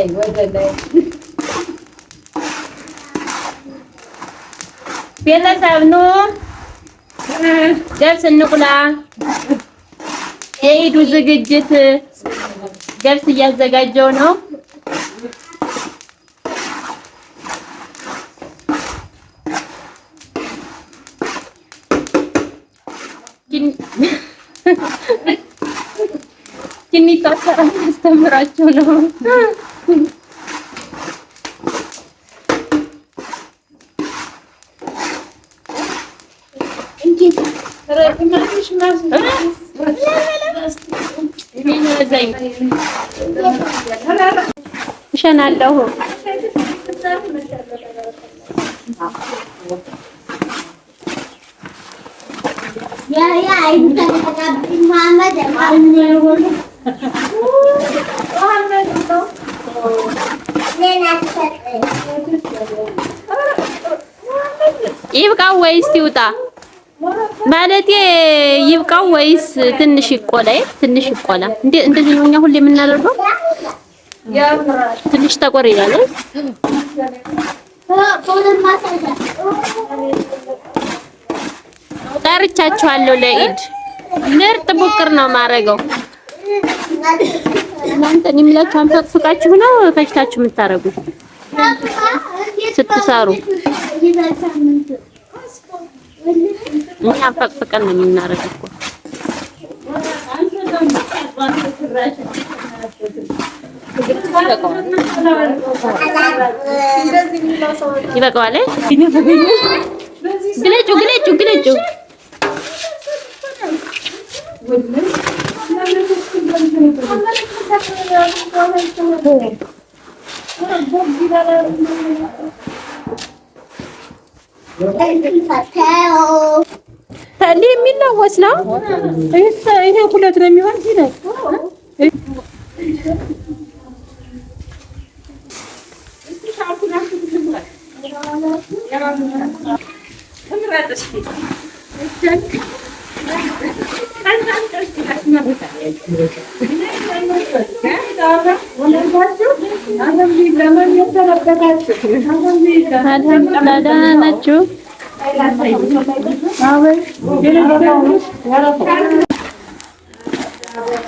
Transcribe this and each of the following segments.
አይ ወደ ላይ ቤተሰብ ኑ ገብስ እንቁላ። የኢዱ ዝግጅት ገብስ እያዘጋጀው ነው። ኪኒታ አስተምራችሁ ነው። እሸናለሁ። ይብቃ ወይስ ይውጣ? ማለት ይብቃው ወይስ ትንሽ ይቆላ? ትንሽ ይቆላ። እንደዚህ ነው እኛ ሁሌ የምናደርገው። ትንሽ ተቆር ይላል። ጠርቻችኋለሁ ለኢድ ምርጥ ቡቅር ነው የማደርገው። እናንተ የሚላችሁ አንፈቅፍቃችሁ ነው ፈጭታችሁ የምታደርጉት ስትሰሩ እኛ ፈቅፍቀን ነው የምናደርገው እኮ ይበቃዋል። ግለጩ ግለጩ ግለጩ Thank you. እንዴ የሚለወስ ነው። ይሄ ሁለት ነው የሚሆን ነው። ደህና ናችሁ?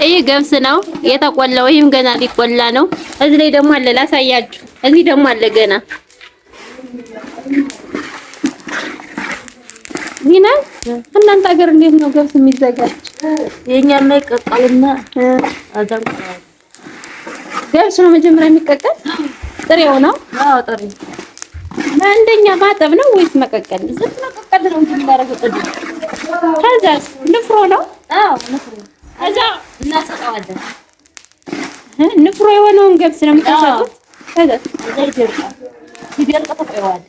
ይህ ገብስ ነው የተቆላው። ይህም ገና ሊቆላ ነው። እዚህ ላይ ደግሞ አለ፣ ላሳያችሁ። እዚህ ደግሞ አለ ገና ይህና እናንተ ሀገር እንዴት ነው ገብስ የሚዘጋጅ? የኛማ ይቀቀልና ገብስ ነው መጀመሪያ የሚቀቀል ጥሬው ነው። አዎ ጥሬው አንደኛ ማጠብ ነው ወይስ መቀቀል? ዝም መቀቀል ነው እንጂ የሚያደርገው ጥዱ። ከዛስ ንፍሮ ነው። አዎ ንፍሮ። ከዛ እናሰጠዋለን። ንፍሮ የሆነውን ገብስ ነው የምታሰጡት። ከዛ እዛ ይደርቃል። ሲደርቅ ተቆይዋል።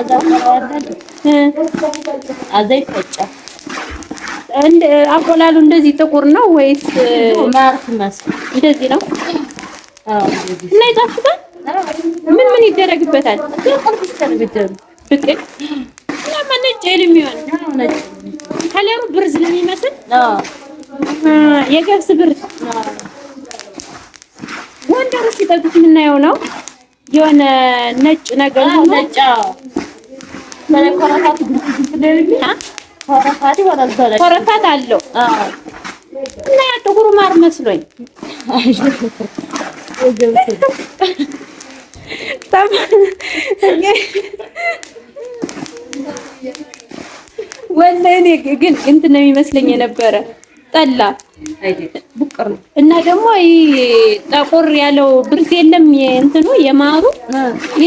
እዛ ተቆይዋል። አዛ ይፈጫል። እንደ አቆላሉ እንደዚህ ጥቁር ነው ወይስ ማርክ መስል? እንደዚህ ነው። አዎ እንደዚህ እና ይጣፍጣል ይደረግበታል። ከለሩ ብር ስለሚመስል የገብስ ብር ጎንደር ሲጠጡት የምናየው ነው። የሆነ ነጭ ነገር ኮረፋት አለው እና ጥቁሩ ማር መስሎኝ ሀሳብ ወላሂ እኔ ግን እንትን ነው የሚመስለኝ የነበረ ጠላ እና ደግሞ ጠቆር ያለው ብርድ የለም የእንትኑ የማሩ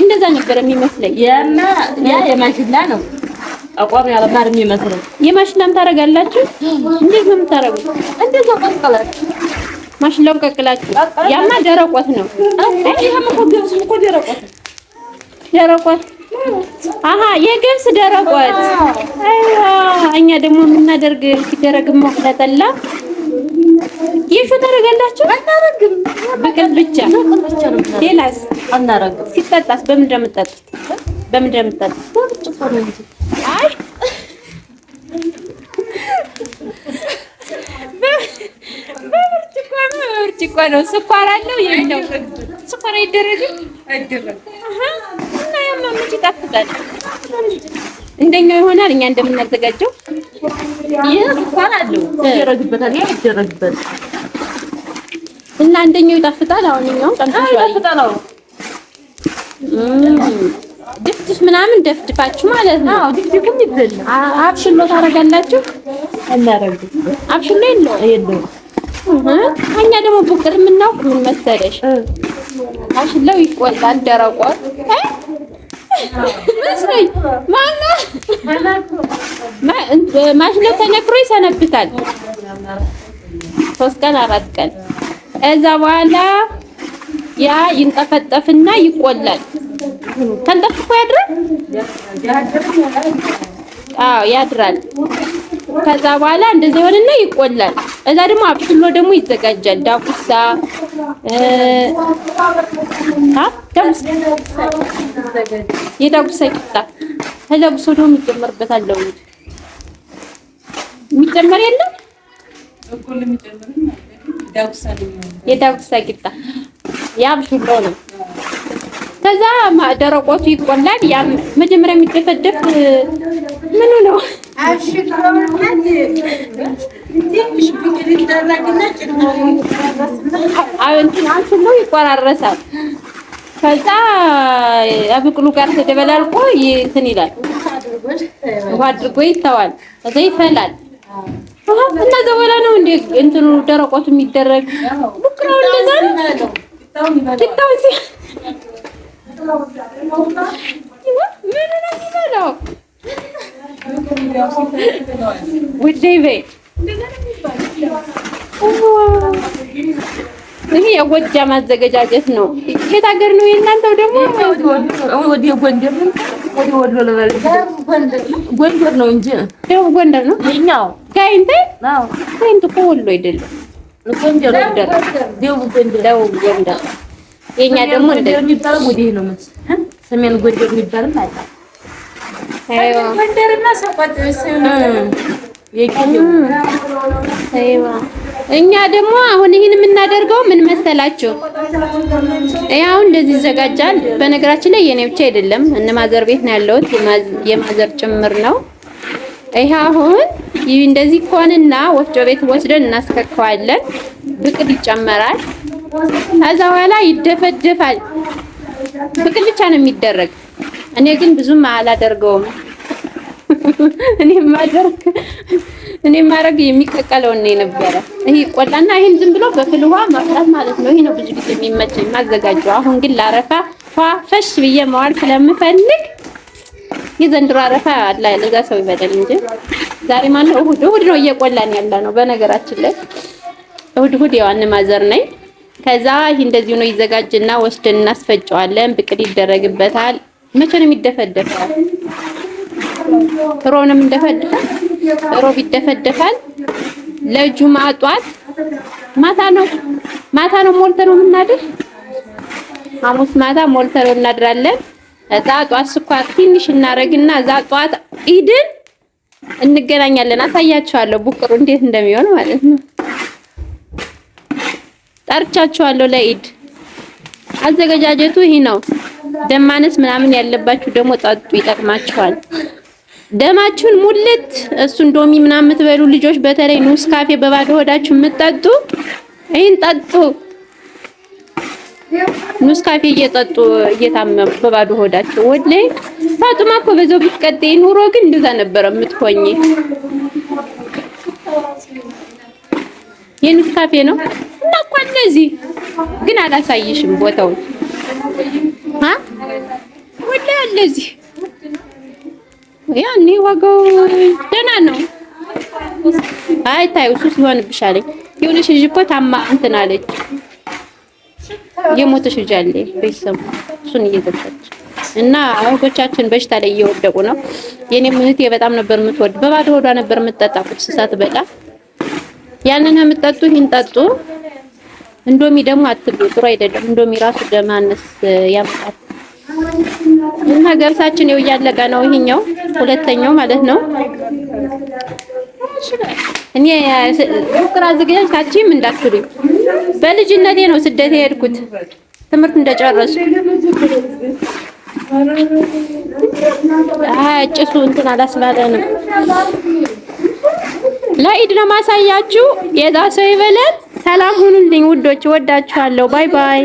እንደዛ ነበረ የሚመስለኝ። ያ የማሽላ ነው። ጠቆር ያለ ማር የሚመስለው የማሽላም ታደርጋላችሁ። እንዴት ነው የምታደርጉት? እንደዛ ቀቅላችሁ ማሽላው ቀቅላችሁ። ያማ ደረቆት ነው። ይሄም እኮ እኮ ደረቆት ነው። ደረቆት አሀ የገብስ ደረቆት። እኛ ደግሞ የምናደርግ ሲደረግማ ለጠላ ይሹ ታደርጋላችሁ? አናረግም። ብቅል ብቻ ሌላስ? አናረግም። ሲጠጣስ በምን እንደምትጠጡት በምን እንደምትጠጡት? አይ በብርጭቆ ነው። ስኳር አለው የለው? ስኳር አይደረግም። አይደረግም እንጂ ይጣፍጣል። እንደኛው ይሆናል። እኛ እንደምናዘጋጀው ይሄ ስኳር አለው ይደረግበታል፣ ያ ይደረግበታል እና እንደኛው ይጣፍጣል። አሁን ነው ቀምተሽዋል። ይጣፍጣል። አዎ ድፍድፍ ምናምን ደፍድፋችሁ ማለት ነው። አዎ ድፍድፉም ይበል። አብሽሎ ታረጋላችሁ። እናረግ አብሽሎ የለውም የለውም። እኛ ደግሞ ቡቅር የምናውቅ ምን መሰለሽ አሽለው ይቆላል ደረቋል መስሎኝ ማነው ማሽለ ተነክሮ ይሰነብታል። ሶስት ቀን አራት ቀን እዛ በኋላ ያ ይንጠፈጠፍና ይቆላል። ተንጠፍቆ ያድራል። አዎ ያድራል። ከዛ በኋላ እንደዚህ ሆነና ይቆላል። እዛ ደግሞ አብሽሎ ደግሞ ይዘጋጃል ዳቁሳ የዳጉሳ ቂጣ ተዳጉሶ ነው የሚጨመርበት አለው የሚጨመር የለም። የዳጉሳ ቂጣ ያብሽሎ ነው። ከዛ ደረቆቱ ይቆላል። ያ መጀመሪያ የሚደፈደፍ ምኑ ነው? እንትን ነው ይቆራረሳል። ከዛ አብቅሉ ጋር ተደበላልቆ እንትን ይላል። ውሃ አድርጎ ይተዋል። ከዛ ይፈላል። እና ዘወላ ነው እንደ እንትኑ ደረቆቱ የሚደረግ ቡክራው እንደዛ ነው። ኪታው ሲ ምን ነው የሚበላው ውዴ በይ ይሄ የጎጃም አዘገጃጀት ነው። የት ሀገር ነው የእናንተው? ደግሞ ወደ ጎንደር ወሎ ጎንደር ነው እንጂ ደቡብ ጎንደር ነው። እኛው ጋይንተ ጋይንተ እኮ ወሎ አይደለም። ጎንደር ደቡብ ጎንደር ደቡብ ደግሞ የሚባለው ወደ ነው ሰሜን ጎንደር የሚባልም አለ። ጎንደርና ሰቆጣ እኛ ደግሞ አሁን ይህን የምናደርገው ምን መሰላችሁ? ይሄ አሁን እንደዚህ ይዘጋጃል። በነገራችን ላይ የኔ ብቻ አይደለም፣ እነ ማዘር ቤት ነው ያለሁት፣ የማዘር ጭምር ነው። ይሄ አሁን ይህ እንደዚህ ከሆነና ወፍጮ ቤት ወስደን እናስከከዋለን። ብቅል ይጨመራል። ከዛ በኋላ ይደፈደፋል። ብቅል ብቻ ነው የሚደረግ። እኔ ግን ብዙም አላደርገውም። እኔ ማድረግ የሚቀቀለው እኔ ነበረ ይሄ ቆላና ይሄን ዝም ብሎ በፍል ውሃ ማፍላት ማለት ነው። ይሄ ነው ብዙ ጊዜ የሚመቸኝ ማዘጋጀው። አሁን ግን ላረፋ ፏ ፈሽ ብዬ መዋል ስለምፈልግ የዘንድሮ አረፋ አላ ለዛ ሰው ይበደል እንጂ ዛሬ ነው? እሑድ እሑድ ነው እየቆላን ያለ ነው። በነገራችን ላይ እሑድ እሑድ ያው ማዘር ነኝ። ከዛ ይሄ እንደዚህ ነው ይዘጋጅና ወስደን እናስፈጨዋለን። ብቅል ይደረግበታል። መቼ ነው የሚደፈደፈው? ሮንም እንደፈደፋል ሮብ ይደፈደፋል። ለጁማ ጧት ማታ ነው ማታ ነው ሞልተ ነው የምናድር። ሐሙስ ማታ ሞልተ ነው እናድራለን። እዛ ጧት ስኳር ትንሽ እናረግና እዛ ጧት ኢድን እንገናኛለን። አሳያችኋለሁ ቡቅሩ እንዴት እንደሚሆን ማለት ነው። ጠርቻችኋለሁ ለኢድ አዘገጃጀቱ ይህ ነው። ደማነስ ምናምን ያለባችሁ ደግሞ ጠጡ፣ ይጠቅማችኋል። ደማችሁን ሙልት እሱ እንዶሚ ምናምን የምትበሉ ልጆች በተለይ ኑስ ካፌ በባዶ ሆዳችሁ የምትጠጡ ይህን ጠጡ። ኑስ ካፌ እየጠጡ እየታመሙ በባዶ ሆዳቸው ወድሌ ፋጡማ እኮ በዛው ብትቀጤ ኑሮ ግን እንደዛ ነበረ የምትሆኝ። የኑስ ካፌ ነው እና እኮ ግን አላሳይሽም ቦታውን ወላ አለዚህ ያኔ ዋጋው ደህና ነው። አይ ታዩ ሱስ ሊሆንብሽ የሆነሽ ልጅ እኮ ታማ እንትን አለች። የሞተሽ ልጅ አለ ቤተሰቡ እሱን እየዘጋች እና እህቶቻችን በሽታ ላይ እየወደቁ ነው። የኔም እህቴ በጣም ነበር የምትወድ፣ በባዶ ሆዷ ነበር የምትጠጣ ቁርስ ሳትበላ። ያንን የምትጠጡ ይህን ጠጡ። እንዶሚ ደግሞ አትብሉ፣ ጥሩ አይደለም። እንዶሚ ራሱ ደም ያመጣል። እና ገብሳችን ይኸው እያለቀ ነው። ይሄኛው ሁለተኛው ማለት ነው። እኔ ሙከራ ታችም እንዳትሉኝ በልጅነቴ ነው ስደት የሄድኩት ትምህርት እንደጨረሱ ጭሱ እንትን አላስባለንም። ለኢድ ነው ማሳያችሁ። የዛ ሰው ይበለን። ሰላም ሁኑልኝ ውዶች፣ ወዳችኋለሁ። ባይ ባይ